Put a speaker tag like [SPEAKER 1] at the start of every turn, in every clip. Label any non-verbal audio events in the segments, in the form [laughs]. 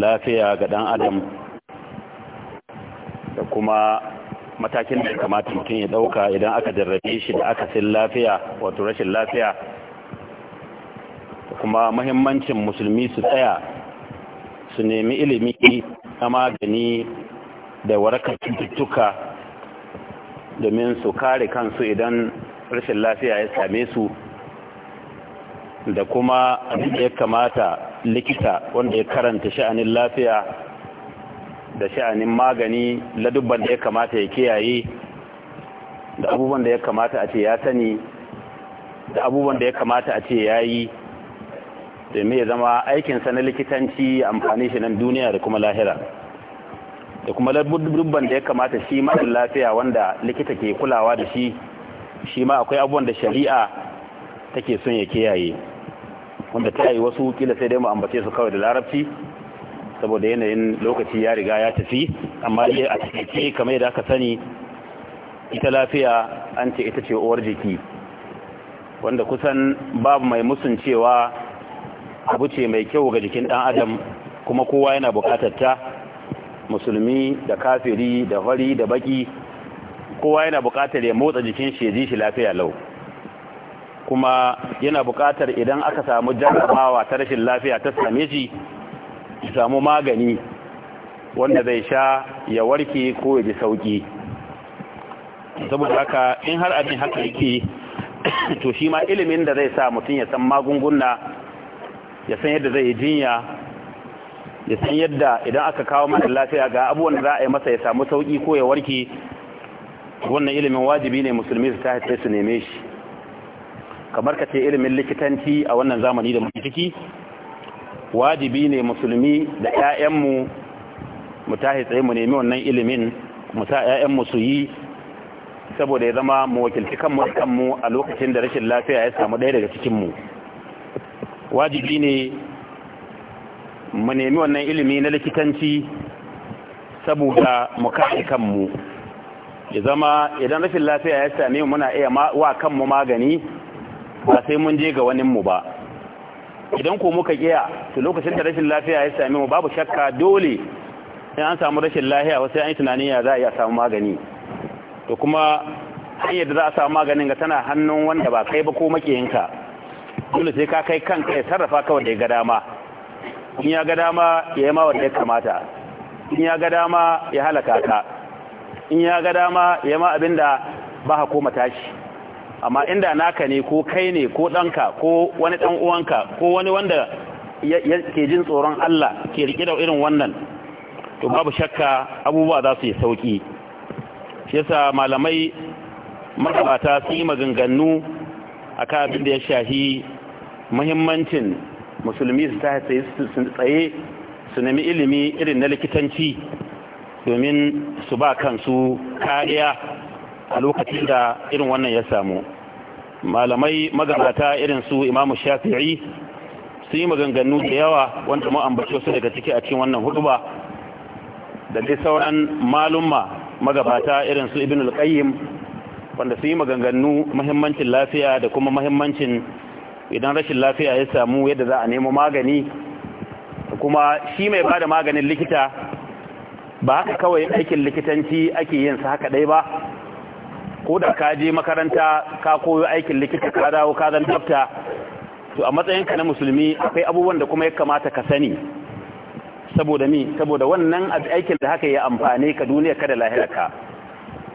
[SPEAKER 1] lafiya ga ɗan adam da kuma matakin da kamata mutum ya ɗauka idan aka jarrabe shi da aka sin lafiya wato rashin lafiya da kuma mahimmancin musulmi su tsaya su nemi ilimi na magani da warakar cututtuka domin su kare kansu idan rashin lafiya ya same su da kuma abin ya kamata likita wanda ya karanta sha'anin lafiya da sha'anin magani ladubban da ya kamata ya kiyaye da abubuwan da ya kamata a ce ya sani da abubuwan da ya kamata a ce ya yi domin ya zama aikinsa na likitanci amfani shi nan duniya da kuma lahira da kuma ladubban da ya kamata shi mara lafiya wanda likita ke kulawa da shi shi ma akwai abubuwan da shari'a take son ya kiyaye wanda ta yi wasu kila sai dai mu ambace su kawai da larabci saboda yanayin lokaci ya riga ya tafi amma dai a cikin kamar yadda aka sani ita lafiya an ce ita ce uwar jiki wanda kusan babu mai musun cewa abu ce mai kyau ga jikin dan adam kuma kowa yana bukatar ta musulmi da kafiri da fari da baki kowa yana bukatar ya motsa jikin shi ya ji shi lafiya lau kuma yana buƙatar idan aka samu jarrabawa ta rashin lafiya ta same shi samu magani wanda zai sha ya warke ko ya ji sauki saboda haka in har abin haka yake [coughs] to shi ma ilimin da zai sa mutum ya san magunguna ya san yadda zai jinya ya san yadda idan aka kawo mara lafiya ga abubuwan da za a yi masa ya samu sauki ko ya warke wannan ilimin wajibi ne musulmi su ta haifai su neme shi kamar ka ce ilimin likitanci a wannan zamani da muke ciki wajibi ne musulmi da 'ya'yanmu mu tahi tsaye mu nemi wannan ilimin mu sa 'ya'yanmu su yi saboda ya zama mu wakilci kanmu da kanmu a lokacin da rashin lafiya ya samu ɗaya daga cikinmu wajibi ne mu nemi wannan ilimi na likitanci saboda mu kare kanmu ya zama idan rashin lafiya ya same mu muna iya wa kanmu magani ba sai mun je ga wani mu ba idan ko muka kiya to lokacin da rashin lafiya ya same mu babu shakka dole in an samu rashin lafiya wasu an yi tunanin ya za a iya samu magani to kuma hanyar da za a samu maganin ga tana hannun wanda ba kai ba ko makiyinka dole sai ka kai kanka ya sarrafa kawai da ya ga dama in ya ga dama ya yi ma da ya kamata in ya ga dama ya halaka ka in ya ga dama ya ma abin da ba ha koma tashi amma inda naka ne ko kai ne ko ɗanka ko wani ɗan uwanka ko wani wanda ke jin tsoron Allah ke rike da irin wannan to babu shakka abubuwa za su yi sauki shi yasa malamai magabata su yi maganganu akan abin da ya shahi muhimmancin musulmi su ta tsaye su nemi ilimi irin na likitanci domin su ba kansu kariya a lokacin da irin wannan ya samu malamai magabata irin su imamu shafi'i sun yi maganganu da yawa wanda mu ambace su daga ciki a cikin wannan ba da dai sauran malumma magabata irin su ibn al-qayyim wanda sun yi maganganu muhimmancin lafiya da kuma muhimmancin idan rashin lafiya ya samu yadda za a nemo magani kuma shi mai bada maganin likita ba haka kawai aikin likitanci ake yin sa haka dai ba ko da ka je makaranta ka koyo aikin likita ka dawo ka zan dafta to a matsayinka na musulmi akwai abubuwan da kuma ya kamata ka sani saboda mi saboda wannan aikin da haka ya amfane ka duniya ka da lahirarka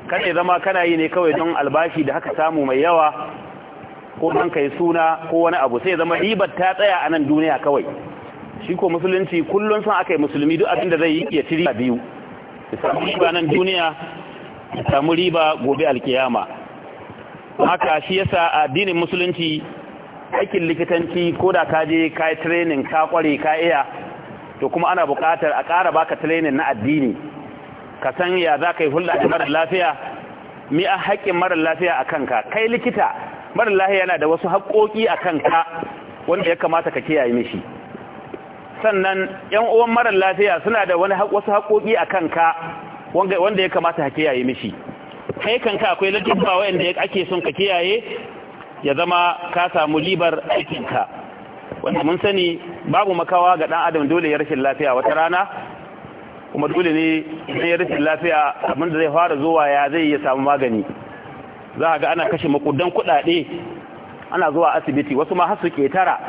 [SPEAKER 1] kada zama kana yi ne kawai don albashi da haka samu mai yawa ko don kai suna ko wani abu sai zama ribar ta tsaya a nan duniya kawai shi ko musulunci kullum san aka yi musulmi duk abin da zai yi ya ci riba biyu ya samu riba nan duniya samu riba gobe alkiyama haka shi yasa addinin musulunci aikin likitanci ko da ka je ka yi training ka kware ka iya to kuma ana bukatar a ƙara baka training na addini ka san ya za ka yi hulɗa da marar lafiya mi a haƙƙin marar lafiya a kanka kai likita marar lafiya yana da wasu haƙƙoƙi a kanka wanda ya kamata ka kiyaye mishi sannan yan uwan marar lafiya suna da wani wasu haƙoƙi a kanka wanda ya kamata ka kiyaye mishi kai kanka akwai latifa wanda ake son ka kiyaye ya zama ka samu libar aikinka wanda mun sani babu makawa ga dan adam dole ya rashin lafiya wata rana kuma dole ne zai ya rashin lafiya abin da zai fara zuwa ya zai ya samu magani za ga ana kashe makudan kuɗaɗe ana zuwa asibiti wasu ma har su ketara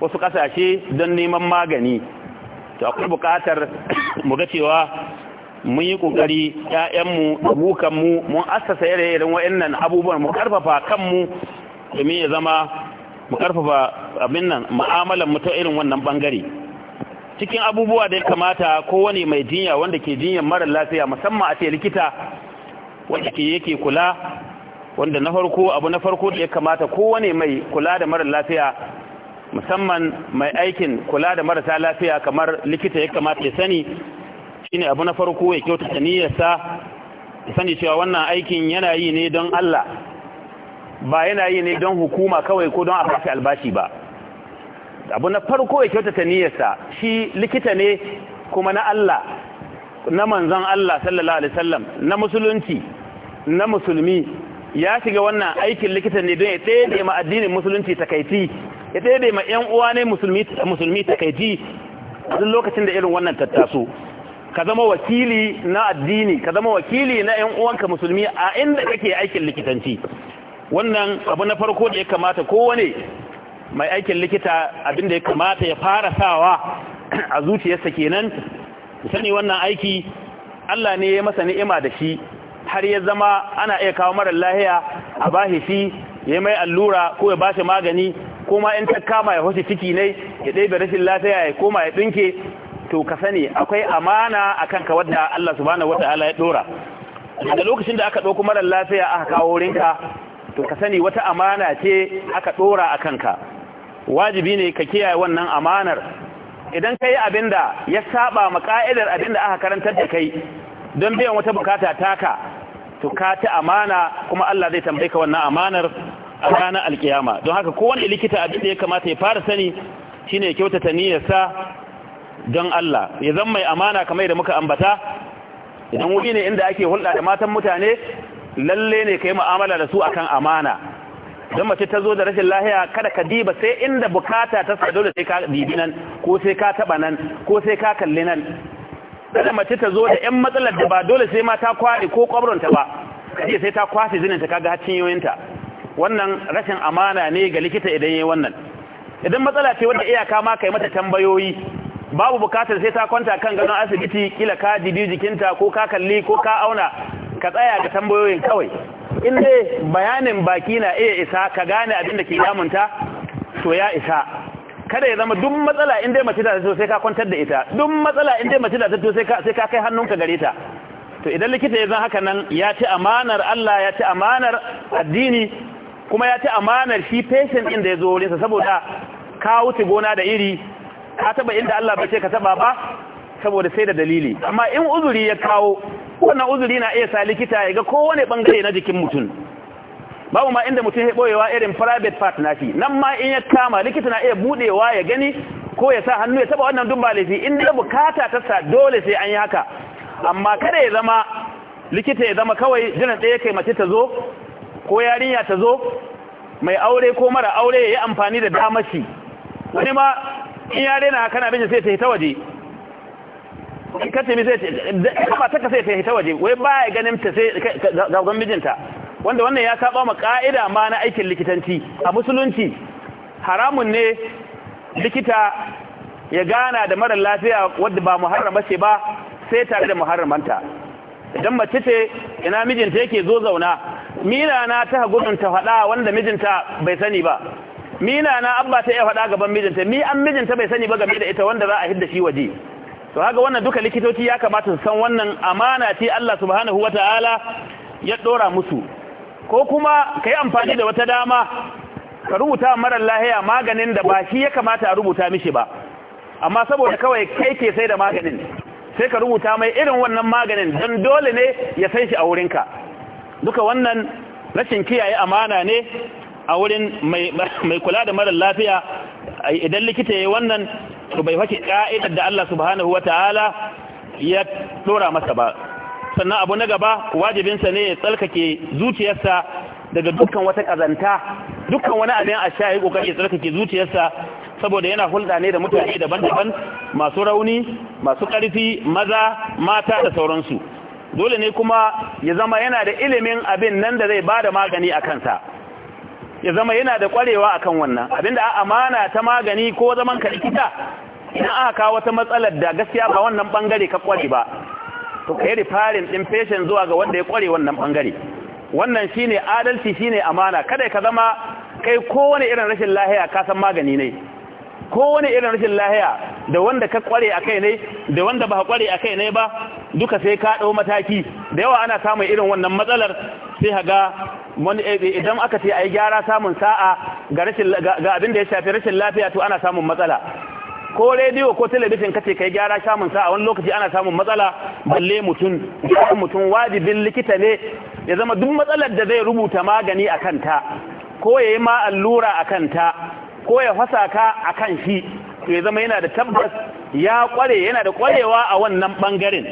[SPEAKER 1] wasu ƙasashe don neman magani to akwai bukatar mu ga cewa mun yi kokari ƴaƴanmu abokanmu mun assasa yare irin wa'annan abubuwan mu karfafa kanmu domin ya zama mu karfafa abin nan mu'amalan mu ta irin wannan bangare cikin abubuwa da ya kamata kowane mai jinya wanda ke jinyar mara lafiya musamman a ce likita wanda ke yake kula wanda na farko abu na farko da ya kamata kowane mai kula da mara lafiya musamman mai aikin kula da marasa lafiya kamar likita ya kamata ya sani shine abu na farko ya kyautata niyyarsa ya sani cewa wannan aikin yana yi ne don Allah ba yana yi ne don hukuma kawai ko don a fafi albashi ba abu na farko ya kyautata niyyarsa shi likita ne kuma na Allah na manzon Allah sallallahu alaihi wasallam na musulunci na musulmi ya shiga wannan aikin likita ne don ya tsede ma addinin musulunci takaiti ya tsede ma yan uwa ne musulmi musulmi takaiti duk lokacin da irin wannan tattaso ka zama wakili na addini ka zama wakili na ƴan uwanka musulmi a inda kake aikin likitanci wannan abu na farko da ya kamata kowane mai aikin likita abinda ya kamata ya fara sawa a zuciyarsa kenan sani wannan aiki Allah ne ya masa ni'ima da shi har ya zama ana iya kawo mara lahiya a bashi shi ya mai allura ko ya bashi magani ko ma in ta kama ya hoshi ciki ne ya ɗebe rashin lafiya ya koma ya ɗinke to ka sani akwai amana akan ka wadda Allah subhanahu wataala ya dora Da lokacin da aka ɗauko marar lafiya aka kawo rinka to ka sani wata amana ce aka ɗora a kanka wajibi ne ka kiyaye wannan amanar idan ka yi abin ya saba ma ƙa'idar abinda aka karantar da kai don biyan wata bukata taka to ka ta amana kuma Allah zai tambayi ka wannan amanar a ranar alkiyama don haka kowane likita abin da ya kamata ya fara sani shine ya kyautata niyyarsa don Allah ya zan mai amana kamar da muka ambata idan wuri ne inda ake hulɗa da matan mutane lalle ne ka yi mu'amala da su akan amana don mace ta zo da rashin lahiya kada ka diba sai inda bukata ta sa dole sai ka dibi nan ko sai ka taba nan ko sai ka kalli nan kada mace ta zo da yan matsalar da ba dole sai ma ta kwaɗi ko ƙwabronta ba kaje sai ta kwashe zininta kaga haccin yoyinta wannan rashin amana ne ga likita idan yayi wannan idan matsala ce wanda iyaka ma kai mata tambayoyi babu bukatar sai ta kwanta kan gadon asibiti kila ka dibi jikinta ko ka kalli ko ka auna ka tsaya ga tambayoyin kawai in bayanin baki na iya isa ka gane abin da ke damunta to ya isa kada ya zama duk matsala in dai mace ta zo sai ka kwantar da ita duk matsala in dai mace ta zo sai ka kai hannunka gare ta to idan likita ya zan haka nan ya ci amanar Allah ya ci amanar addini kuma ya ci amanar shi patient din da ya zo wurinsa saboda ka wuce gona da iri ka taba inda Allah bai ce ka taba ba saboda sai da dalili amma in uzuri ya kawo wannan uzuri na iya sa likita ya ga kowane bangare na jikin mutum babu ma inda mutum ya boyewa irin private part na shi. nan ma in ya kama likita na iya budewa ya gani ko ya sa hannu ya taba wannan dumba laifi in da bukata ta sa dole sai an yi haka amma kada ya zama likita ya zama kawai jiran ɗaya kai mace ta zo ko yarinya ta zo mai aure ko mara aure ya yi amfani da damashi wani ma in ya daina kana bin sai ta hita waje in ka mi sai ba ta sai ta hita waje wai ba ya ganin ta sai ga mijinta wanda wannan ya saba ma ka'ida ma na aikin likitanci a musulunci haramun ne likita ya gana da marar lafiya wadda ba muharrama ce ba sai tare da muharramanta idan mace ce ina mijinta yake zo zauna mina na ta gudun ta faɗa wanda mijinta bai sani ba mina na abba ta iya faɗa gaban mijinta mi an mijinta bai sani ba game da ita wanda za a hidda shi waje to haka wannan duka likitoci ya kamata su san wannan amana ce Allah subhanahu wataala ya dora musu ko kuma kai amfani da wata dama ka rubuta mara lahiya maganin da ba shi ya kamata a rubuta mishi ba amma saboda kawai kai ke sai da maganin sai ka rubuta mai irin wannan maganin don dole ne ya san shi a wurinka duka wannan rashin kiyaye amana ne a wurin mai kula da marar lafiya idan likita ya yi wannan to bai fake ka'idar da Allah subhanahu wa ta'ala ya dora masa ba sannan abu na gaba wajibinsa ne ya tsarkake zuciyarsa daga dukkan wata kazanta dukkan wani abin a sha ya kokari ya tsarkake zuciyarsa saboda yana hulɗa ne da mutane daban-daban masu rauni masu ƙarfi maza mata da sauransu dole ne kuma ya zama yana da ilimin abin nan da zai ba da magani a kansa ya zama yana da kwarewa akan wannan abinda amana ta magani ko zaman ka likita idan aka kawo wata matsalar da gaskiya ba wannan bangare ka kware ba to kai rifarin din patient zuwa ga wanda ya kware wannan bangare wannan shine adalci shine amana kada ka zama kai kowane irin rashin lahiya ka san magani ne kowane irin rashin lahiya da wanda ka kware akai ne da wanda ba ka kware akai ne ba duka sai ka ɗau mataki da yawa ana samun irin wannan matsalar sai ga eh, eh, idan aka ce a yi gyara samun sa'a ga abin da ya shafi rashin lafiya to ana samun matsala ko rediyo ko talabijin ka yi gyara samun sa'a wani lokaci ana samun matsala balle mutum ya mutum wajibin likita ne ya zama duk matsalar da zai rubuta magani a kanta ko ya yi ma allura a kanta ko ya fasa ka a kan shi to ya zama yana da tabbas ya kware yana da kwarewa a wannan bangaren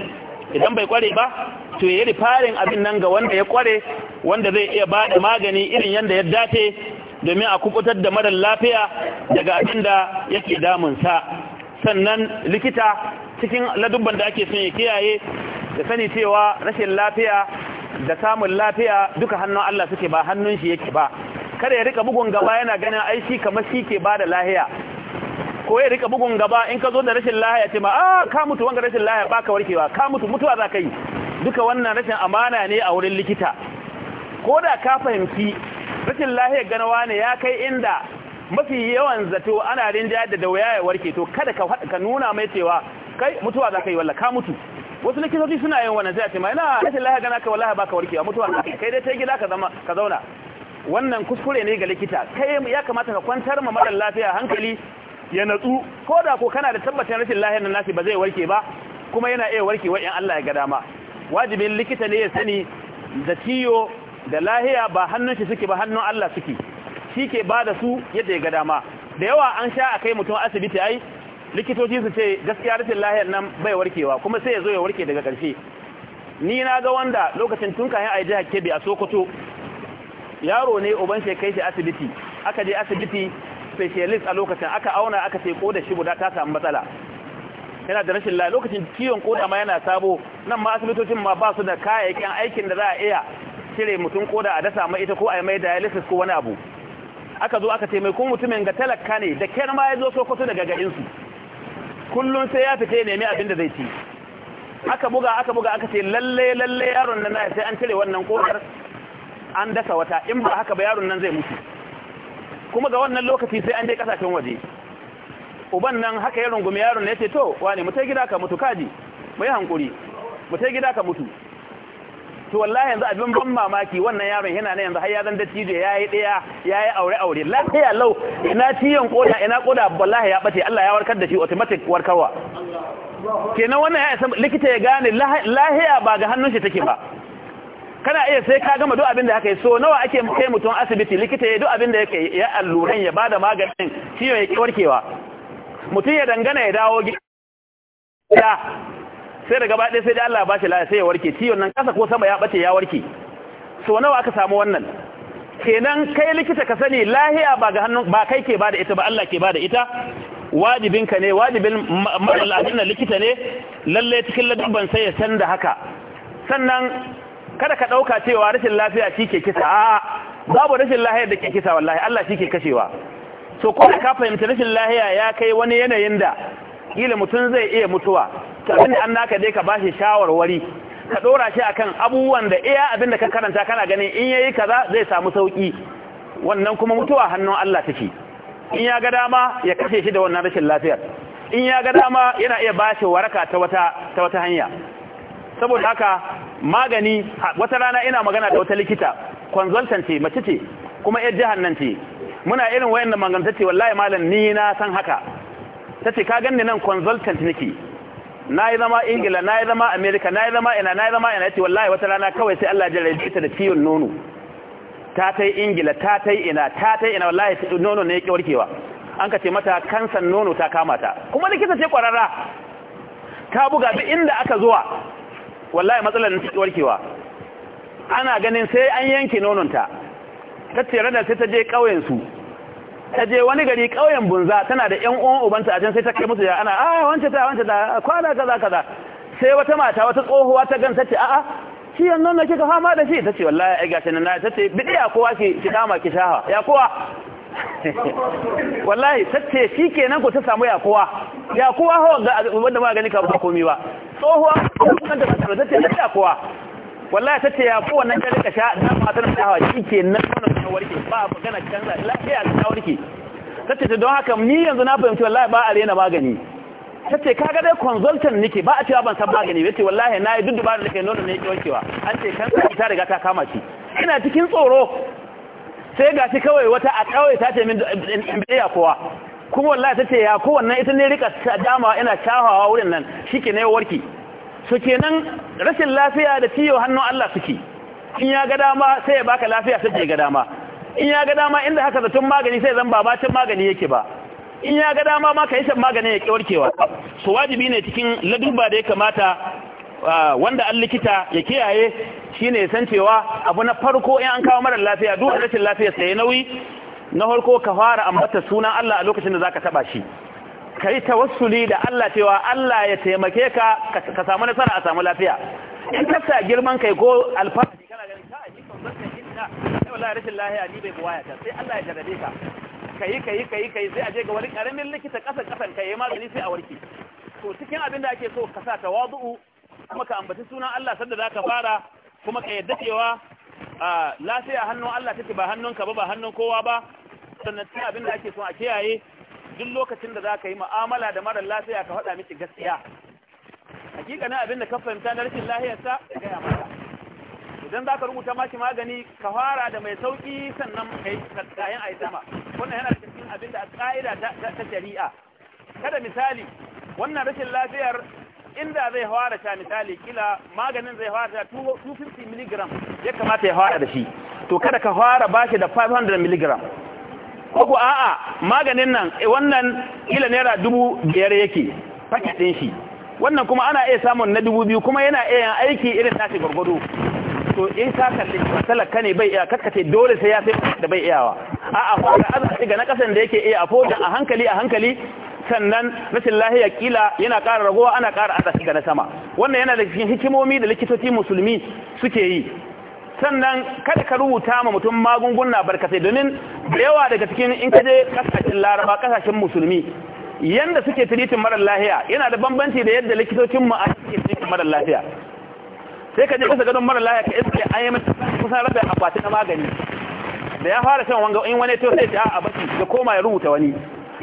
[SPEAKER 1] idan bai kware ba to ya yi farin abin nan ga wanda ya kware wanda zai iya bada magani irin yadda ya dace domin a kubutar da marar lafiya daga abin da yake damunsa sannan likita cikin ladubban da ake son ya kiyaye da sani cewa rashin lafiya da samun lafiya duka hannun Allah suke ba hannun shi yake ba kada ya rika bugun gaba yana ganin aiki kamar shi ke bada lahiya ko ya rika bugun gaba in ka zo da rashin lahiya ce ma ah ka mutu wanga rashin lahiya baka warkewa ka mutu mutuwa za ka yi duka wannan rashin amana ne a wurin likita ko da ka fahimci rashin lahaya ganawa ne ya kai inda mafi yawan zato ana rinjayar da dawaya ya warke to kada ka nuna mai cewa kai mutuwa za ka yi walla ka mutu wasu likitoci suna yin wannan sai a ce ma ina rashin lahiya gana ka wallahi baka warkewa mutuwa kai dai ta gida ka zama ka zauna wannan kuskure ne ga likita kai ya kamata ka kwantar ma mara lafiya hankali ya natsu ko da ko kana da tabbatar rashin lahiyar nan nasi ba zai warke ba kuma yana iya warkewa in Allah ya ga dama wajibin likita ne ya sani da ciyo da lahiya ba hannun shi suke ba hannun Allah suke shi ke ba da su yadda ya ga dama da yawa an sha a kai mutum asibiti ai likitoci su ce gaskiya rashin lahiyar nan bai warkewa kuma sai ya zo ya warke daga ƙarshe ni na ga wanda lokacin tun kayan aiji hakke bi a sokoto yaro ne uban shi kai shi asibiti aka je asibiti specialist a lokacin aka auna aka ce koda shi guda ta samu matsala yana da rashin lafiya lokacin ciwon koda ma yana sabo nan ma asibitocin ma ba su da kayayyakin aikin da za a iya cire mutum koda a dasa mai ita ko a yi mai dialysis ko wani abu aka zo aka ce mai kun mutumin ga talaka ne da kyar ma ya zo sokoto daga su kullum sai ya fita ya nemi abin da zai ci aka buga aka buga aka ce lalle lalle yaron nan sai an cire wannan kodar an dasa wata in ba haka ba yaron nan zai mutu kuma ga wannan lokaci sai an je kasashen waje uban nan haka ya rungumi yaron ne ya ce to wane mu gida ka mutu kaji mu yi hankuri mu gida ka mutu to wallahi yanzu abin ban mamaki wannan yaron yana ne yanzu har ya zan dattijo ya yi ɗaya ya yi aure aure lafiya lau ina ciyon koda ina koda wallahi ya bace Allah ya warkar da shi automatic warkarwa kenan wannan ya isa likita ya gane lahiya ba ga hannun shi take ba kana iya sai ka gama duk abin da haka yi so nawa ake kai mutum asibiti likita ya duk abin da yake ya alluran ya bada maganin ciwon ya warkewa mutum ya dangana ya dawo gida sai da gaba ɗaya sai da Allah ba shi lafiya sai ya warke ciwon nan kasa ko sama ya bace ya warke so nawa aka samu wannan kenan kai likita ka sani lahiya ba ga hannun ba kai ke bada ita ba Allah ke bada ita wajibinka ne wajibin mallakin likita ne lalle cikin laduban sai ya san da haka sannan kada ka ɗauka cewa rashin lafiya shi ke kisa a babu rashin lahiyar da ke kisa wallahi Allah shi ke kashewa so ko da ka fahimci rashin lahiya ya kai wani yanayin da kila mutum zai iya mutuwa to abinda an naka dai ka bashi shawarwari ka ɗora shi akan abubuwan da iya abinda ka karanta kana ganin in yayi kaza zai samu sauki wannan kuma mutuwa hannun Allah take in ya ga dama ya kashe shi da wannan rashin lafiyar in ya ga dama yana iya bashi waraka ta wata ta wata hanya saboda haka magani wata rana ina magana da wata likita consultant ce mace ce kuma yar jihar nan ce muna irin wayannan magana ce wallahi malam ni na san haka tace ka ganni nan consultant nake na yi zama ingila na yi zama america na yi zama ina na yi zama ina tace wallahi wata rana kawai sai Allah ya rage ta da ciwon nono ta tai ingila ta tai ina ta tai ina wallahi nono ne yake warkewa an ka ce mata kansan nono ta kama ta kuma likita ce kwararra ta buga bi inda aka zuwa wallahi matsalar nan warkewa ana ganin sai an yanke nononta ta tsere da sai ta je ƙauyensu su ta je wani gari ƙauyen bunza tana da ƴan uwan ubanta a can sai ta kai musu ya ana a ah, wance ta wance ta kwana kaza kaza sai wata mata wata tsohuwa ta gan ce a'a shi yannan na kika fama da shi tace wallahi ai gashi nan na tace bidiya kowa ki ki dama ki shaha ya kowa [laughs] wallahi sace shi kenan ku ta samu yakuwa yakuwa ho ga wanda ma gani ka ba komai ba tsohuwa kan da ta sace ya yakuwa wallahi sace yakuwa nan da ka sha dan matar ta hawa shi kenan wannan warke ba magana canza lafiya ta warke sace ta don haka ni yanzu na fahimci wallahi ba a rena magani sace ka ga dai consultant nake ba a cewa ban san magani ba ce wallahi na yi dudduba da nake nono ne yake wankewa, an ce kan ta riga ta kama shi ina cikin tsoro sai ga shi kawai wata a kawai ta ce min biya kowa kuma wallahi ta ce ya nan ita ne rika dama ina shahawa wurin nan shike ne warki ke kenan rashin lafiya da ciwo hannun Allah suke in ya ga dama sai ya baka lafiya sai ke ga dama in ya ga dama inda haka zaton magani sai zan babacin magani yake ba in ya ga dama ma ka yi shan maganin ya ki warkewa Su wajibi ne cikin laduba da ya kamata wanda an likita ya kiyaye shine san cewa abu na farko in an kawo marar lafiya duk rashin lafiya sai nauyi na farko ka fara ambata sunan Allah a lokacin da zaka taba shi kai tawassuli da Allah cewa Allah ya taimake ka ka samu nasara a samu lafiya in ka girman kai ko alfahari kana ganin ka aji kan zaka sai wallahi rashin lafiya ni bai buwaya ta sai Allah ya jarabe ka kai kai kai kai sai aje ga wani karamin likita kasa kasan kai magani sai a warke to cikin abin da ake so ka sa kuma ka ambaci sunan Allah sanda za ka fara kuma ka yadda cewa lafiya hannun Allah take ba hannunka ba ba hannun kowa ba sannan cikin abin da ake son a kiyaye duk lokacin da za ka yi mu'amala da mara lafiya ka faɗa miki gaskiya hakika abin da ka fahimta na rashin lahiyarsa ka gaya mata idan za ka rubuta maki magani ka fara da mai sauƙi sannan kai kayan aizama wannan yana cikin abin da a ƙa'ida ta shari'a kada misali wannan rashin lafiyar inda zai hawa da sha misali kila maganin zai fara sha 250 mg ya kamata ya hawa da shi to kada ka fara bashi da 500 mg ko ku a'a maganin nan eh, wannan kila naira dubu biyar yake paket din shi wannan kuma ana iya samun na dubu biyu kuma yana iya aiki irin tashi gwargwado to in ka kalli ka ne bai iya kakkace dole sai ya sai da bai iyawa a'a ko da azan ga na kasan da yake iya a foda a hankali a hankali Sannan nan rashin lahiya kila yana ƙara ragowa ana ƙara a ga na sama wannan yana da cikin hikimomi da likitoci musulmi suke yi sannan kada ka rubuta ma mutum magunguna barkatai domin da yawa daga cikin in ka je kasashen laraba kasashen musulmi yanda suke tiritin marar lahiya yana da bambanci da yadda likitocin mu a suke tiritin marar lahiya sai ka je kasa gadon marar lahiya ka iske an yi kusan rabin akwati na magani da ya fara shan wanga in wani to sai ta a baki ya koma ya rubuta wani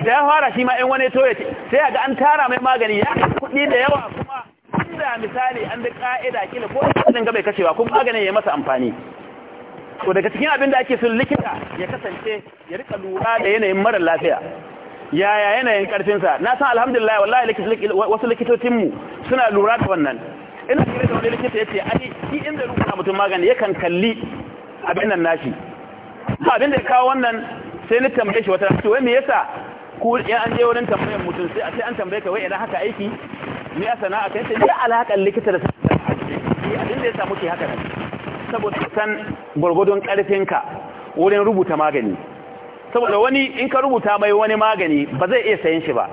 [SPEAKER 1] da ya fara shi ma in wani toye ce sai ga an tara mai magani ya kuɗi da yawa kuma inda misali an da ka'ida kila ko kudin gaba ya kashewa kuma maganin ya masa amfani to daga cikin abin da ake sun likita ya kasance ya rika lura da yanayin mara lafiya yaya yanayin karfinsa na san alhamdulillah wallahi wasu likitocinmu suna lura da wannan ina kira da wani likita ya ce ai shi inda rubuta mutum magani yakan kalli abin nan nashi abin da ya kawo wannan sai ni tambaye shi wata to wai me yasa ko ya an je wurin tambayar mutum sai a sai an tambaye ka wai idan haka aiki ni a sana'a kai sai ya alaƙar likita da sana'a a eh, abin da ya samu ke haka nan saboda san gwargwadon ƙarfinka wurin rubuta magani saboda wani in ka rubuta mai wani magani ba zai iya sayan shi ba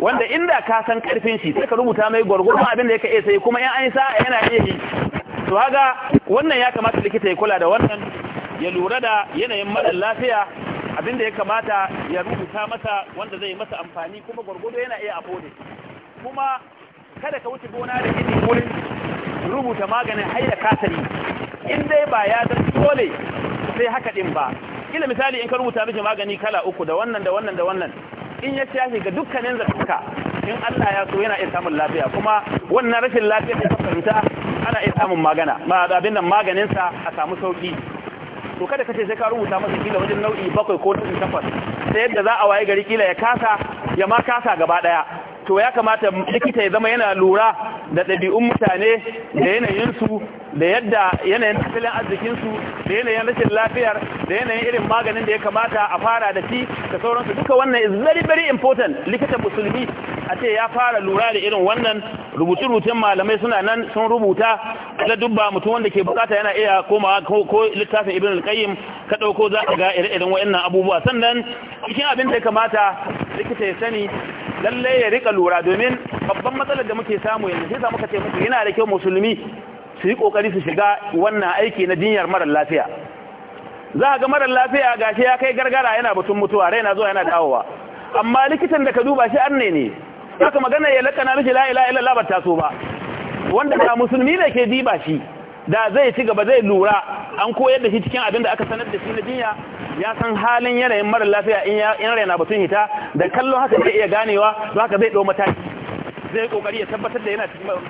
[SPEAKER 1] wanda inda ka san ƙarfin shi sai ka rubuta mai gwargwadon abin da ya ka iya sayi kuma in an sa'a yana iya yi to haga wannan ya kamata likita ya kula da wannan ya lura da yanayin madan lafiya abinda ya kamata ya rubuta masa wanda zai masa amfani kuma gwargwado yana iya afode kuma kada ka wuce gona da irin wurin rubuta maganin haida kasari in dai ba ya zan dole sai haka din ba kila misali in ka rubuta miki magani kala uku da wannan da wannan da wannan in ya ci ga dukkanin zatuka in Allah ya so yana iya samun lafiya kuma wannan rashin lafiya da ka ana iya samun magana ma abin nan maganin sa a samu sauki to kada kace sai ka rubuta masa kila wajen nau'i bakwai ko nau'i takwas sai yadda za a waye gari kila ya kasa ya ma kasa gaba daya to ya kamata likita ya zama yana lura da ɗabi'un mutane da yanayinsu da yadda yanayin tattalin su da yanayin rashin lafiyar da yanayin irin maganin da ya kamata a fara da shi da sauransu duka wannan is very very important likita musulmi a ce ya fara lura da irin wannan rubuce-rubucen malamai suna nan sun rubuta da dubba mutum wanda ke bukata yana iya komawa ko littafin ibn al-qayyim ka dauko za ka ga ire-iren wayannan abubuwa sannan cikin abin da ya kamata likita ya sani lalle ya rika lura domin babban matsalar da muke samu yanzu sai samu ka ce muku yana da kyau musulmi su yi kokari su shiga wannan aiki na jinyar marar lafiya za ga marar lafiya gashi ya kai gargara yana batun mutuwa raina zuwa yana dawowa amma likitan da ka duba shi anne ne haka magana ya lakana mishi la ilaha illallah ba ba wanda ba musulmi ne ke diba shi da zai ci gaba zai lura an koyar da shi cikin abin da aka sanar da shi na jinya ya san halin yanayin mara lafiya in ya raina batun hita da kallon haka zai iya ganewa to haka zai ɗau mataki zai kokari ya tabbatar da yana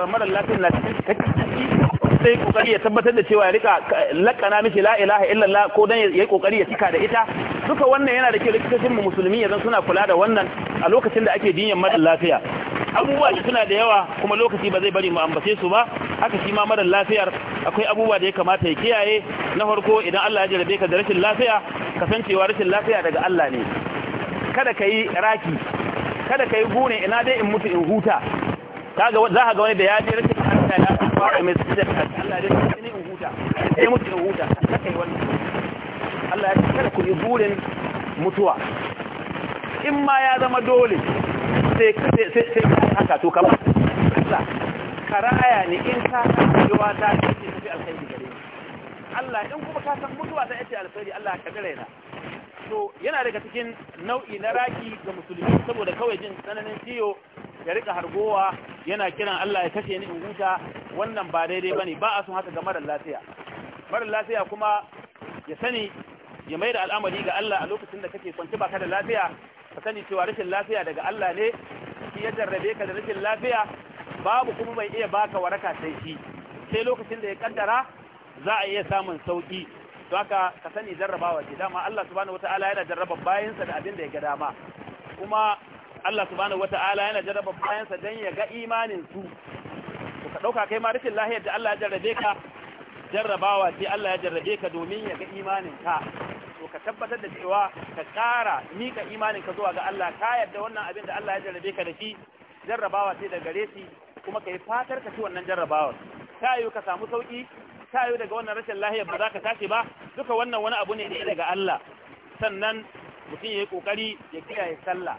[SPEAKER 1] mara lafiya na cikin sai kokari ya tabbatar da cewa ya rika lakana miki la ilaha illallah ko dan ya yi kokari ya cika da ita duka wannan yana da kyau mu musulmi yanzu suna kula da wannan a lokacin da ake dinyan mara lafiya abubuwa da suna da yawa kuma lokaci ba zai bari mu ambace su ba haka shi ma mara lafiyar akwai abubuwa da ya kamata ya kiyaye na farko idan Allah ya jarabe ka da rashin lafiya cewa rashin lafiya daga Allah ne kada ka yi raki kada ka yi gune ina dai in mutu in huta za ka ga wani da ya je rashin Allah ya san fara mai sujjada Allah dai in huta huta wannan Allah ya kada ku yi burin mutuwa in ma ya zama dole sai sai haka to kamar Allah karaya ne in ka karewa ta ce tafi fi gare ni Allah in kuma ka san mutuwa ta yace alkhairi Allah ka kare na to yana daga cikin nau'i na raki ga musulmi saboda kawai jin tsananin ciwo ya rika hargowa yana kiran Allah ya kashe ni in huta wannan ba daidai bane ba a son haka ga marar lafiya marar lafiya kuma ya sani ya mai da al'amari ga Allah a lokacin da kake kwanci baka da lafiya ka sani cewa rashin lafiya daga Allah ne shi ya jarrabe ka da rashin lafiya babu kuma bai iya baka waraka sai shi sai lokacin da ya kaddara za a iya samun sauki to haka ka sani jarrabawa ce dama Allah subhanahu wata'ala yana jarraba bayansa da abin da ya ga dama kuma Allah subhanahu wata'ala yana jarraba bayansa dan ya ga imanin su ka dauka kai ma rufin lahiyar da Allah ya jarrabe ka jarrabawa ce Allah ya jarrabe ka domin ya ga imanin ka to ka tabbatar da cewa ka ƙara mika imanin ka zuwa ga Allah ka yarda wannan abin da Allah ya jarrabe ka da shi jarrabawa ce da gare shi kuma ka yi fatar ka ci wannan jarrabawar ta yiwu ka samu sauki tayo daga wannan rashin lahiya ba za ka tashi ba duka wannan wani abu ne da daga Allah sannan mutum ya yi kokari ya kiyaye sallah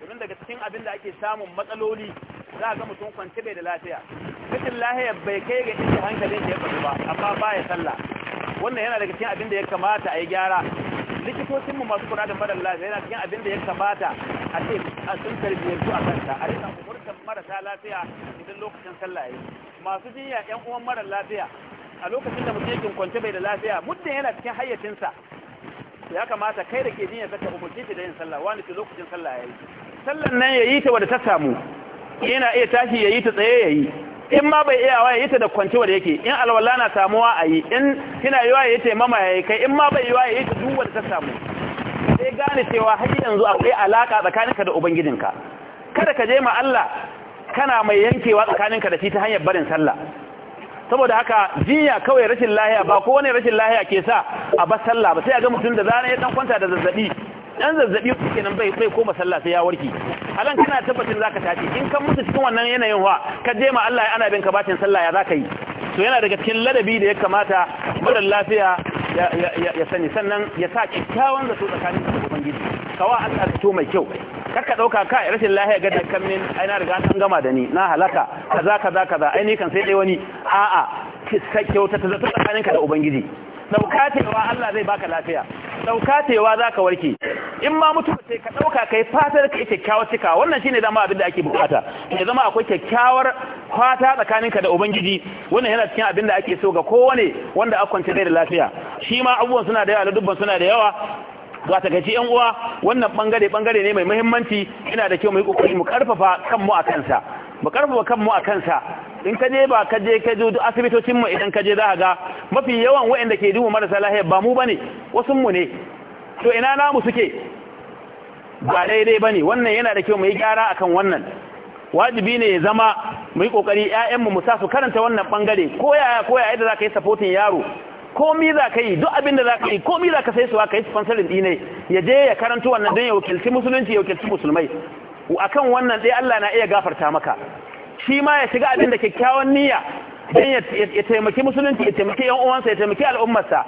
[SPEAKER 1] domin daga cikin abin da ake samun matsaloli za ga mutum kwance bai da lafiya rashin lahiya bai kai ga inda hankalin ya faru ba amma ba ya sallah wannan yana daga cikin abin da ya kamata a yi gyara mu masu kula da fadar lafiya yana cikin abin da ya kamata a ce a sun su a kanta a rika umurtar marasa lafiya idan lokacin sallah ya yi masu jinya yan uwan mara lafiya a lokacin da mutum yake kwance bai da lafiya muddin yana cikin hayyacinsa ya kamata kai da ke jin ya saka umurce da yin sallah wani ke lokacin sallah yayi sallan nan yayi ta wanda ta samu yana iya tashi yayi ta tsaye yayi in ma bai iya wa yayi ta da kwance wanda yake in alwala na samuwa ayi in kina wa yayi ta mama yayi kai in ma bai yi wa yayi ta duk wanda ta samu sai gane cewa har yanzu akwai alaka tsakaninka da ubangijinka kada ka je ma Allah kana mai yankewa tsakaninka da shi ta hanyar barin sallah saboda haka jinya kawai rashin lahiya ba kowane rashin lahiya ke sa a ba sallah ba sai a ga mutum da zana ya dan kwanta da zazzabi dan zazzabi nan bai bai koma sallah sai ya warke alan kana tabbatin zaka tashi in kan mutu cikin wannan yanayin wa ka je ma Allah ya ana bin ka bacin sallah ya zaka yi to yana daga cikin ladabi da ya kamata mara lafiya ya sani sannan ya sa kyakkyawan zato tsakanin da ubangiji kawa Allah to mai kyau kakka ɗauka ka rashin lahiya ga dukkan min aina riga an gama da ni na halaka kaza kaza kaza ai ni kan sai dai wani a'a kyauta ta tsakanin tsakaninka da ubangiji daukatewa Allah zai baka lafiya daukatewa zaka warke in ma mutum sai ka dauka kai fatar ka kyakkyawar cika wannan shine zama abin da ake bukata ya zama akwai kyakkyawar fata tsakaninka da ubangiji wannan yana cikin abin da ake so ga kowane wanda aka kwance da lafiya shi ma abubuwan suna da yawa dubban suna da yawa ga takaici yan uwa wannan bangare bangare ne mai muhimmanci yana da kyau mu yi kokari mu karfafa kanmu a kansa mu karfafa kanmu a kansa in ka je ba ka je ka je duk asibitocin mu idan ka je za ga mafi yawan wayanda ke duba marasa lafiya ba mu bane wasu mu ne to ina namu suke ba daidai bane wannan yana da kyau mu yi gyara akan wannan wajibi ne ya zama mu yi kokari ƴaƴanmu mu sa su karanta wannan bangare ko yaya ko yaya za ka yi supporting yaro komi za ka yi duk abin da za ka yi komi za ka sai suwa ka yi sponsorin dinai ya je ya karanta wannan don ya wakilci musulunci ya wakilci musulmai a kan wannan dai Allah na iya gafarta maka shi ma ya shiga abin da kyakkyawan niyya don ya taimaki musulunci ya taimaki yan uwansa ya taimaki al'ummarsa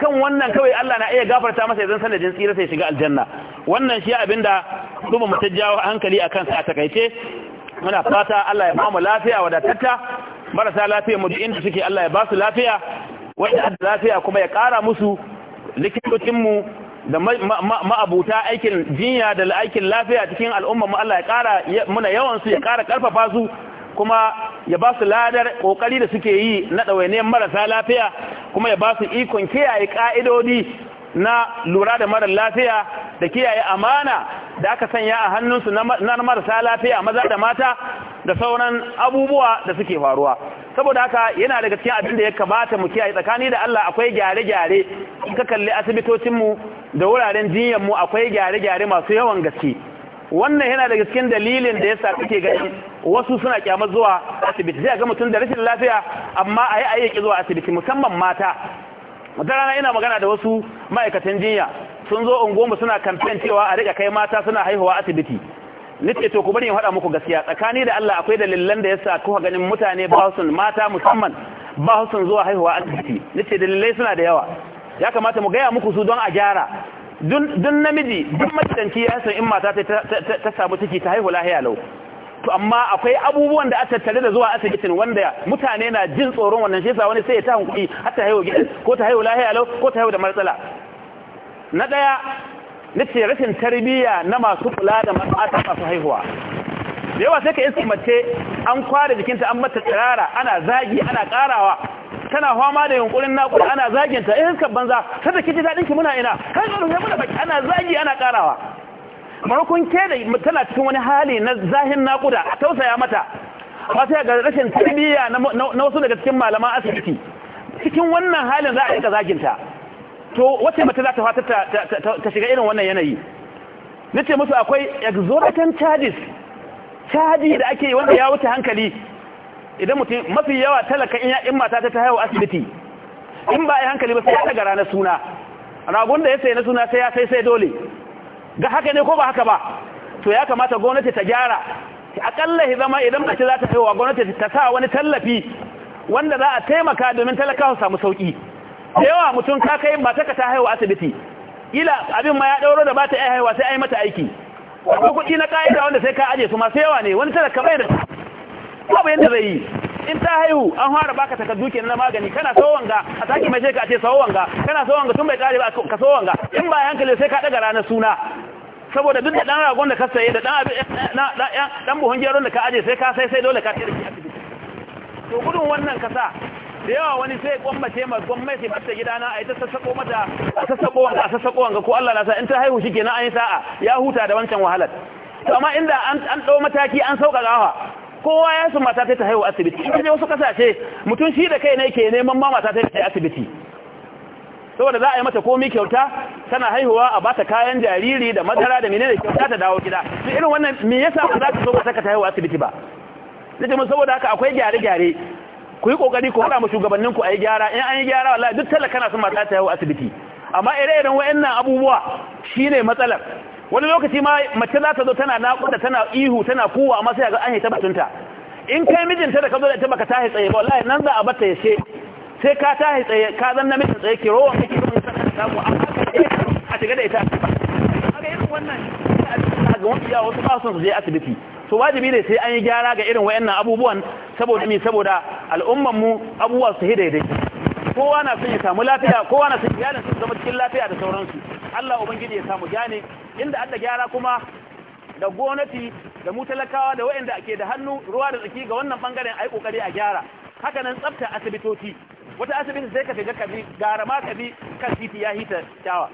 [SPEAKER 1] kan wannan kawai Allah na iya gafarta masa idan sanadin tsira sai shiga aljanna wannan shi abin da duba mu jawo hankali a kansa a takaice muna fata Allah ya ba mu lafiya wadatatta marasa lafiya mu duk inda suke Allah ya ba su lafiya wanda da lafiya kuma ya ƙara musu likitocinmu da ma'abuta aikin jinya da aikin lafiya cikin al'umma mu Allah ya ƙara muna yawan su ya ƙara ƙarfafa su kuma ya ba su ladar kokari da suke yi na ɗawainiyar marasa lafiya kuma ya ba su ikon kiyaye ƙa'idodi na lura da marar lafiya da kiyaye amana da aka sanya a hannunsu na marasa lafiya maza da mata da sauran abubuwa da suke faruwa saboda haka yana daga cikin abin da ya kamata mu kiyaye tsakani da Allah akwai gyare-gyare in ka kalli asibitocin mu da wuraren mu akwai gyare-gyare masu yawan gaske wannan yana daga cikin dalilin da yasa kake ganin wasu suna kyamar zuwa asibiti sai ga mutum da rashin lafiya amma ayi ayi ki zuwa asibiti musamman mata wata rana ina magana da wasu ma'aikatan jinya sun zo unguwarmu suna campaign cewa a rika kai mata suna haihuwa asibiti nace to ku bari in faɗa muku gaskiya tsakani da Allah akwai dalilan da yasa kuka ganin mutane ba su mata musamman ba su zuwa haihuwa a asibiti da dalilai suna da yawa ya kamata mu gaya muku su don a gyara dun namiji dun macidanci ya san in mata ta samu ciki ta haihu lahiya lau to amma akwai abubuwan da aka tattare da zuwa asibitin wanda mutane na jin tsoron wannan shi yasa wani sai ya ta hankuri har ta haihu gidan ko ta haihu lahiya lau ko ta haihu da matsala na daya nace rashin tarbiyya na masu kula da mata masu haihuwa da yawa sai ka iske mace an kware jikinta an mata tsirara ana zagi ana karawa tana fama da yunkurin naƙuda ana zaginta ta eh, iskar banza ta da kiji dadin ki muna ina kai da rufe muna baki ana zagi ana karawa marakun ke da tana cikin wani hali na zahin naƙuda a tausaya mata ba sai ga rashin tarbiyya na wasu daga cikin malaman asibiti cikin wannan halin za a yi ka zaginta to wace mace za ta fata ta shiga irin wannan yanayi na ce musu akwai exorbitant charges caji da ake yi wanda ya wuce hankali idan mutum mafi yawa talaka in in mata ta ta haihu asibiti in ba a yi hankali ba sai ya daga ranar suna ragon da ya sai na suna sai ya sai sai dole ga haka ne ko ba haka ba to ya kamata gwamnati ta gyara akalla hi zama idan mace za ta haihuwa gwamnati ta sa wani tallafi wanda za a taimaka domin talakawa samu sauki da yawa mutum ka kai ba ta ta haihuwa asibiti ila abin ma ya ɗauro da ba ta haihuwa sai ai mata aiki akwai kuɗi na ƙa'ida wanda sai ka aje su masu yawa ne wani talaka bai da babu yadda zai yi in ta haihu an fara baka takardu kenan na magani kana sawo wanga a saki mai sai ka ce sawo wanga kana sawo wanga tun bai kare ba ka sawo wanga in ba hankali sai ka daga ranar suna saboda duk da dan ragon da ka saye da ɗan dan buhun gero da ka aje sai ka sai sai dole ka tsira ki asibiti to gudun wannan kasa da yawa wani sai gwammace ma gwammace ba ta gidana a ta sassako mata a sassako wanda a sassako wanga ko Allah na sa in ta haihu shi kenan an yi sa'a ya huta da wancan wahalar to amma inda an ɗau mataki an gawa kowa ya su mata ta haihu asibiti in wasu kasashe mutum shi da kai ne ke neman ma mata ta yi asibiti saboda za a yi mata komi kyauta tana haihuwa a ba ta kayan jariri da madara da menene kyauta ta dawo gida to irin wannan me yasa ba za ka so ba ta haihu asibiti ba nake saboda haka akwai gyare-gyare ku yi kokari ku hada mu shugabannin ku ayi gyara in an yi gyara wallahi duk talaka na son mata ta yawo asibiti amma ire-iren wayannan abubuwa shine matsalar wani lokaci ma mace za ta zo tana nakuda tana ihu tana kuwa amma sai ga an yi tabbatunta in kai mijinta da ka zo da ita baka tahi tsaye ba wallahi nan za a bata ya ce sai ka tahi tsaye ka zan na mijin tsaye ki rowa kake ruwan sanar samu amma a ga da ita a cikin wannan ga wani ya wasu ba su je asibiti to wajibi ne sai an yi gyara ga irin wayannan abubuwan saboda mi saboda al'umman mu abuwa su hida dai kowa na son ya samu lafiya kowa na son iyalin su zama cikin lafiya da sauransu Allah ubangiji ya samu gane inda Allah gyara kuma da gwamnati da mu talakawa da wayanda ake da hannu ruwa da tsaki ga wannan bangaren ai kokari a gyara haka nan tsafta asibitoci wata asibiti sai ka shiga kabi gara ma kabi kan titi ya hita kyawa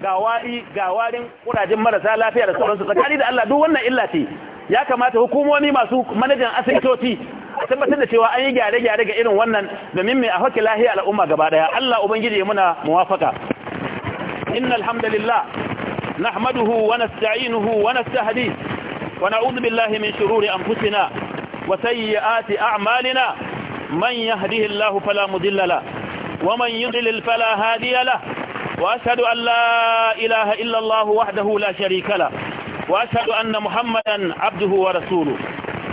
[SPEAKER 1] ga wari ga warin kurajin marasa lafiya da sauransu tsakani da Allah duk wannan illa ce ya kamata hukumomi masu manajan asibitoci a tabbatar da cewa an yi gyare-gyare ga irin wannan domin mai a haƙi lahiya al'umma gaba ɗaya Allah ubangiji ya muna muwafaka innal hamdalillah nahmaduhu wa nasta'inuhu wa nastahdi wa na'udhu billahi min shururi anfusina wa sayyiati a'malina man yahdihillahu fala mudilla la wa man yudlil fala hadiya la wa ashhadu an la ilaha illa Allah wahdahu la sharika la وأشهد أن محمدا عبده ورسوله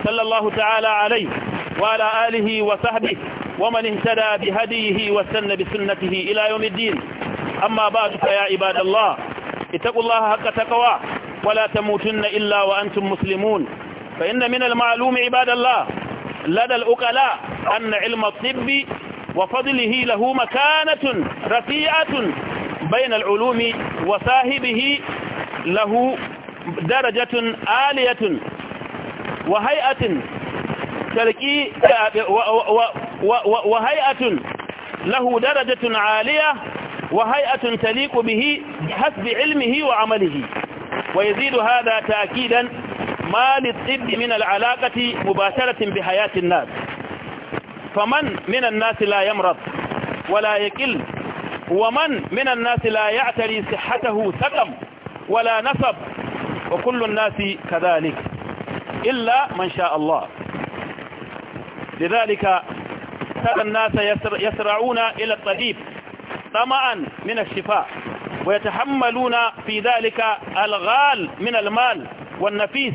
[SPEAKER 1] صلى الله تعالى عليه وعلى آله وصحبه ومن اهتدى بهديه واستنى بسنته إلى يوم الدين أما بعد فيا عباد الله اتقوا الله حق تقواه ولا تموتن إلا وأنتم مسلمون فإن من المعلوم عباد الله لدى الأقلاء أن علم الطب وفضله له مكانة رفيعة بين العلوم وصاحبه له درجة عالية وهيئة تلقي وهيئة له درجة عالية وهيئة تليق به بحسب علمه وعمله ويزيد هذا تأكيدا ما للطب من العلاقة مباشرة بحياة الناس فمن من الناس لا يمرض ولا يكل ومن من الناس لا يعتري صحته سقم ولا نصب وكل الناس كذلك إلا من شاء الله لذلك ترى الناس يسرعون إلى الطبيب طمعا من الشفاء ويتحملون في ذلك الغال من المال والنفيس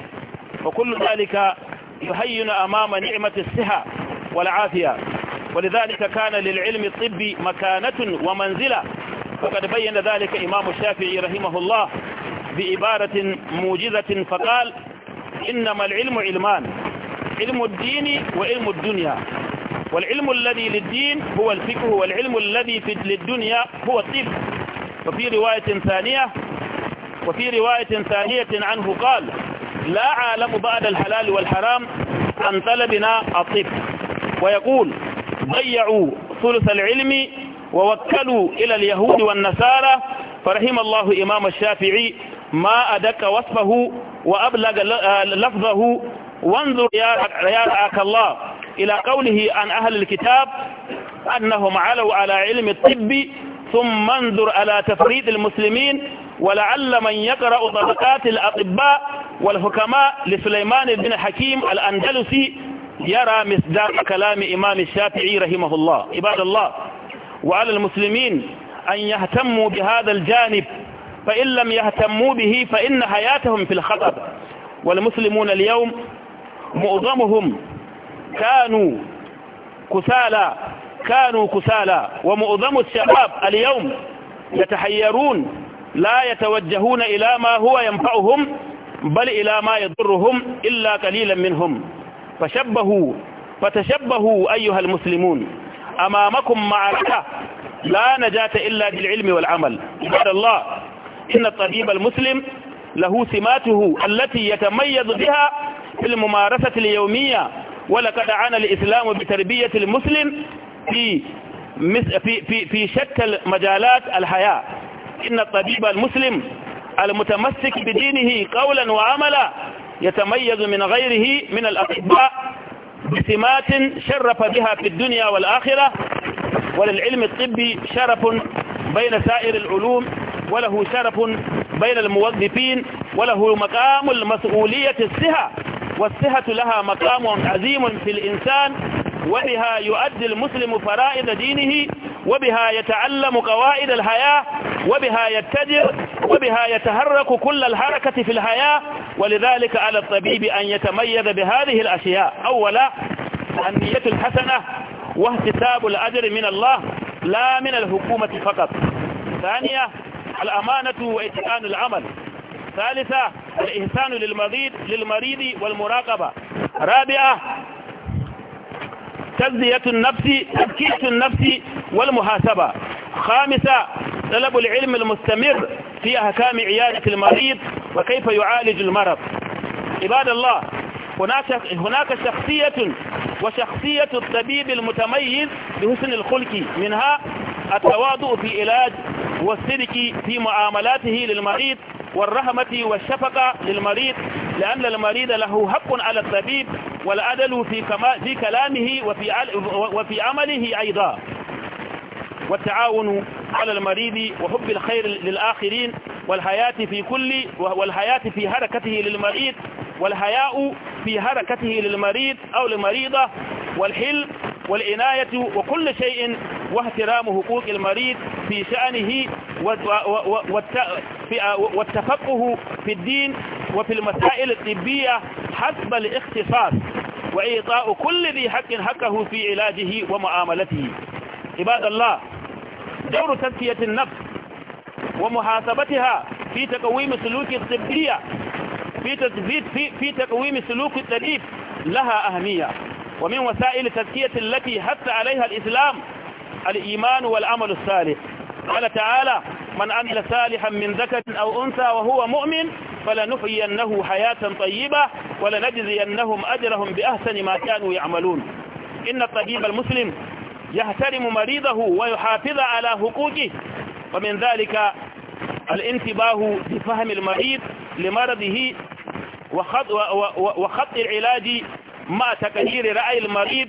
[SPEAKER 1] وكل ذلك يهين أمام نعمة الصحة والعافية ولذلك كان للعلم الطبي مكانة ومنزلة وقد بين ذلك إمام الشافعي رحمه الله بعبارة موجزة فقال إنما العلم علمان علم الدين وعلم الدنيا والعلم الذي للدين هو الفكر والعلم الذي في للدنيا هو الطب وفي رواية ثانية وفي رواية ثانية عنه قال لا عالم بعد الحلال والحرام عن طلبنا الطب ويقول ضيعوا ثلث العلم ووكلوا إلى اليهود والنصارى فرحم الله إمام الشافعي ما أدك وصفه وأبلغ آه، لفظه وانظر يا رعاك الله إلى قوله عن أهل الكتاب أنهم علوا على علم الطب ثم انظر على تفريد المسلمين ولعل من يقرأ طبقات الأطباء والحكماء لسليمان بن حكيم الأندلسي يرى مصداق كلام إمام الشافعي رحمه الله عباد الله وعلى المسلمين أن يهتموا بهذا الجانب فإن لم يهتموا به فإن حياتهم في الخطر والمسلمون اليوم معظمهم كانوا كسالى كانوا كسالى ومعظم الشباب اليوم يتحيرون لا يتوجهون إلى ما هو ينفعهم بل إلى ما يضرهم إلا قليلا منهم فشبهوا فتشبهوا أيها المسلمون أمامكم معركة لا نجاة إلا بالعلم والعمل سبحان الله إن الطبيب المسلم له سماته التي يتميز بها في الممارسة اليومية ولقد عانى الإسلام بتربية المسلم في في في في شتى مجالات الحياة إن الطبيب المسلم المتمسك بدينه قولا وعملا يتميز من غيره من الأطباء بسمات شرف بها في الدنيا والآخرة وللعلم الطبي شرف بين سائر العلوم وله شرف بين الموظفين وله مقام المسؤولية الصحة والصحة لها مقام عظيم في الإنسان وبها يؤدي المسلم فرائض دينه وبها يتعلم قواعد الحياة وبها يتجر وبها يتحرك كل الحركة في الحياة ولذلك على الطبيب أن يتميز بهذه الأشياء أولا النية الحسنة واحتساب الأجر من الله لا من الحكومة فقط ثانية الأمانة وإتقان العمل ثالثة الإحسان للمريض, للمريض والمراقبة رابعة تزية النفس تزكية النفس والمحاسبة خامسة طلب العلم المستمر في أحكام عيادة المريض وكيف يعالج المرض عباد الله هناك هناك شخصية وشخصية الطبيب المتميز بحسن الخلق منها التواضع في علاج والصدق في معاملاته للمريض والرحمة والشفقة للمريض لأن المريض له حق على الطبيب والعدل في, في كلامه وفي, وفي عمله أيضا والتعاون على المريض وحب الخير للآخرين والحياة في كل والحياة في حركته للمريض والحياء في حركته للمريض أو لمريضة والحلم والعناية وكل شيء واحترام حقوق المريض في شأنه والتفقه في الدين وفي المسائل الطبية حسب الاختصاص وإعطاء كل ذي حق حقه في علاجه ومعاملته عباد الله دور تزكية النفس ومحاسبتها في تقويم سلوك الطبية في في, في تقويم سلوك الطبيب لها أهمية ومن وسائل التزكية التي هث عليها الإسلام الإيمان والعمل الصالح قال تعالى من عمل صالحا من ذكر أو أنثى وهو مؤمن فلنحيينه حياة طيبة ولنجزينهم أجرهم بأحسن ما كانوا يعملون إن الطبيب المسلم يحترم مريضه ويحافظ على حقوقه ومن ذلك الانتباه لفهم المريض لمرضه وخط, وخط العلاج مع تغيير رأي المريض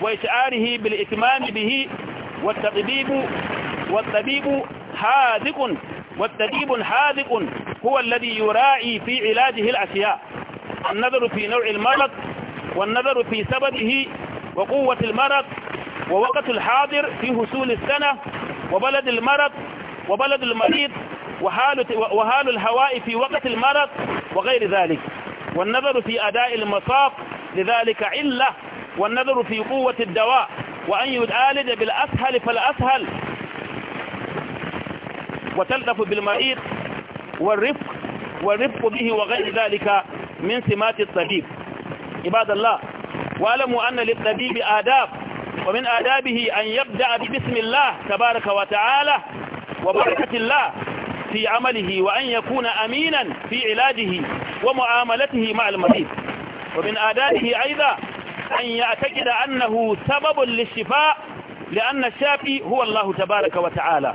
[SPEAKER 1] وإشعاره بالإتمام به والتطبيب والطبيب حاذق والطبيب حاذق هو الذي يراعي في علاجه الأشياء النظر في نوع المرض والنظر في سببه وقوة المرض ووقت الحاضر في حصول السنة وبلد المرض وبلد المريض وحال, وحال الهواء في وقت المرض وغير ذلك والنظر في أداء المصاف لذلك علة والنذر في قوة الدواء وأن يعالج بالأسهل فالأسهل وتلتف بالمريض والرفق والرفق به وغير ذلك من سمات الطبيب عباد الله واعلموا أن للطبيب آداب ومن آدابه أن يبدأ ببسم الله تبارك وتعالى وبركة الله في عمله وأن يكون أمينا في علاجه ومعاملته مع المريض ومن آدابه أيضا أن يعتقد أنه سبب للشفاء لأن الشافي هو الله تبارك وتعالى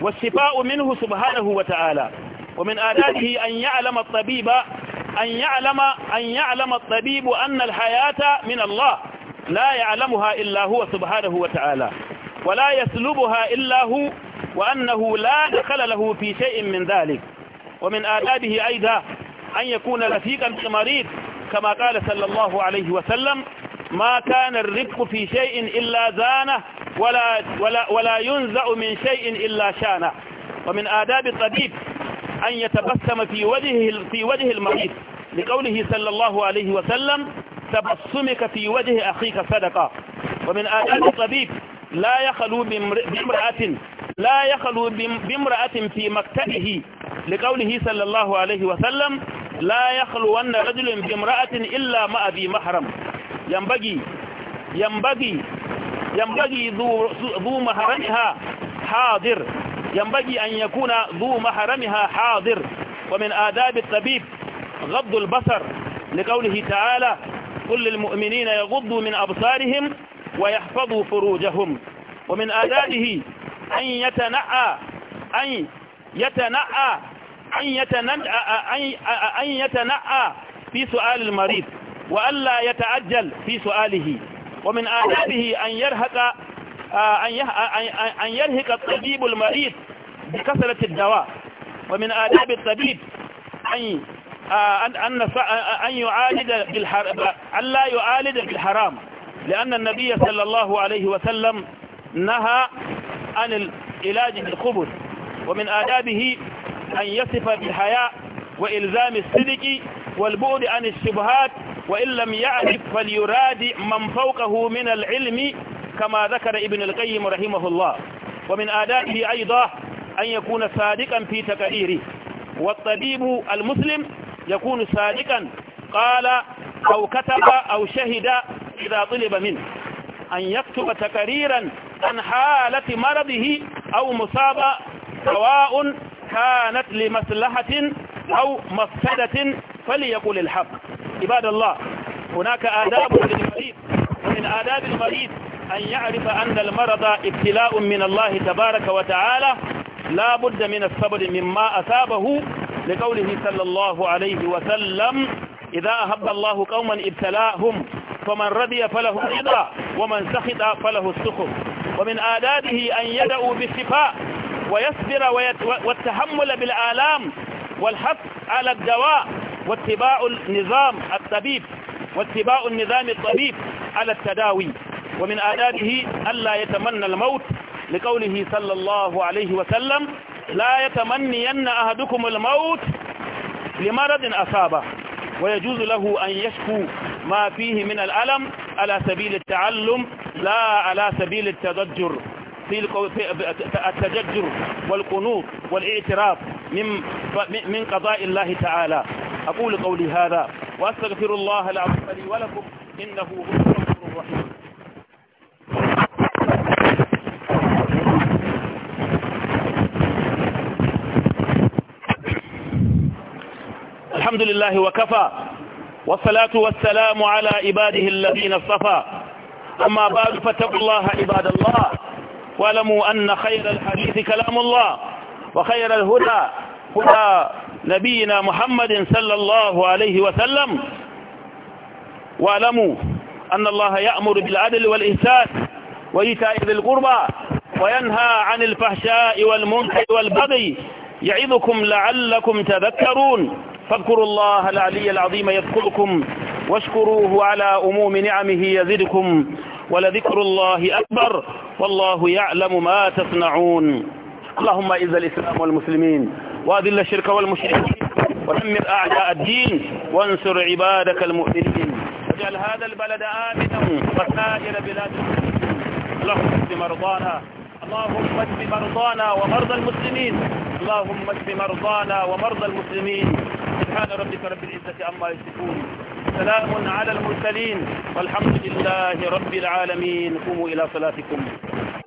[SPEAKER 1] والشفاء منه سبحانه وتعالى ومن آدابه أن يعلم الطبيب أن يعلم أن يعلم الطبيب أن الحياة من الله لا يعلمها إلا هو سبحانه وتعالى ولا يسلبها إلا هو وأنه لا دخل له في شيء من ذلك ومن آدابه أيضا أن يكون رفيقا مريض كما قال صلى الله عليه وسلم ما كان الرفق في شيء إلا زانه ولا, ولا, ولا ينزع من شيء إلا شانه ومن آداب الطبيب أن يتبسم في وجهه, في وجه المريض لقوله صلى الله عليه وسلم تبسمك في وجه أخيك صدقة ومن آداب الطبيب لا يخلو بامرأة لا يخلو بامرأة في مكتبه لقوله صلى الله عليه وسلم لا يخلون رجل بامرأة إلا مع ذي محرم ينبغي ينبغي ينبغي ذو, ذو محرمها حاضر ينبغي أن يكون ذو محرمها حاضر ومن آداب الطبيب غض البصر لقوله تعالى قل للمؤمنين يغضوا من أبصارهم ويحفظوا فروجهم ومن آدابه أن يتنعى أن يتنعى أن يتنأى في سؤال المريض وألا يتعجل في سؤاله ومن آدابه أن يرهق أن يرهق الطبيب المريض بكثرة الدواء ومن آداب الطبيب أن أن أن يعالج أن لا يعالج بالحرام لأن النبي صلى الله عليه وسلم نهى عن العلاج بالخبز ومن آدابه أن يصف بالحياء وإلزام الصدق والبعد عن الشبهات وإن لم يعرف فليراد من فوقه من العلم كما ذكر ابن القيم رحمه الله ومن آدائه أيضا أن يكون صادقا في تقريره والطبيب المسلم يكون صادقا قال أو كتب أو شهد إذا طلب منه أن يكتب تقريرا عن حالة مرضه أو مصابة سواء كانت لمصلحة أو مفسدة فليقل الحق عباد الله هناك آداب للمريض ومن آداب المريض أن يعرف أن المرض ابتلاء من الله تبارك وتعالى لا بد من الصبر مما أصابه لقوله صلى الله عليه وسلم إذا أحب الله قوما ابتلاهم فمن رضي فله الرضا ومن سخط فله السخط ومن آدابه أن يدعو بالشفاء ويصبر والتحمل بالآلام والحث على الدواء واتباع النظام الطبيب واتباع النظام الطبيب على التداوي ومن آدابه ألا يتمنى الموت لقوله صلى الله عليه وسلم لا يتمنين أحدكم الموت لمرض أصابه ويجوز له أن يشكو ما فيه من الألم على سبيل التعلم لا على سبيل التضجر في التججر والقنوط والاعتراف من من قضاء الله تعالى أقول قولي هذا وأستغفر الله العظيم لي ولكم إنه هو الغفور الرحيم الحمد لله وكفى والصلاة والسلام على عباده الذين اصطفى أما بعد فاتقوا الله عباد الله واعلموا أن خير الحديث كلام الله وخير الهدى هدى نبينا محمد صلى الله عليه وسلم واعلموا أن الله يأمر بالعدل والإحسان وإيتاء ذي القربى وينهى عن الفحشاء والمنكر والبغي يعظكم لعلكم تذكرون فاذكروا الله العلي العظيم يذكركم واشكروه على أموم نعمه يزدكم ولذكر الله أكبر والله يعلم ما تصنعون اللهم إز الإسلام والمسلمين وأذل الشرك والمشركين ودمر أعداء الدين وانصر عبادك المؤمنين واجعل هذا البلد آمنا وسائر بلاد المسلمين اللهم اشف مرضانا اللهم اشف مرضانا ومرضى المسلمين اللهم اشف مرضانا ومرضى المسلمين سبحان ربك رب العزة عما يصفون وسلام على المرسلين والحمد لله رب العالمين قوموا إلى صلاتكم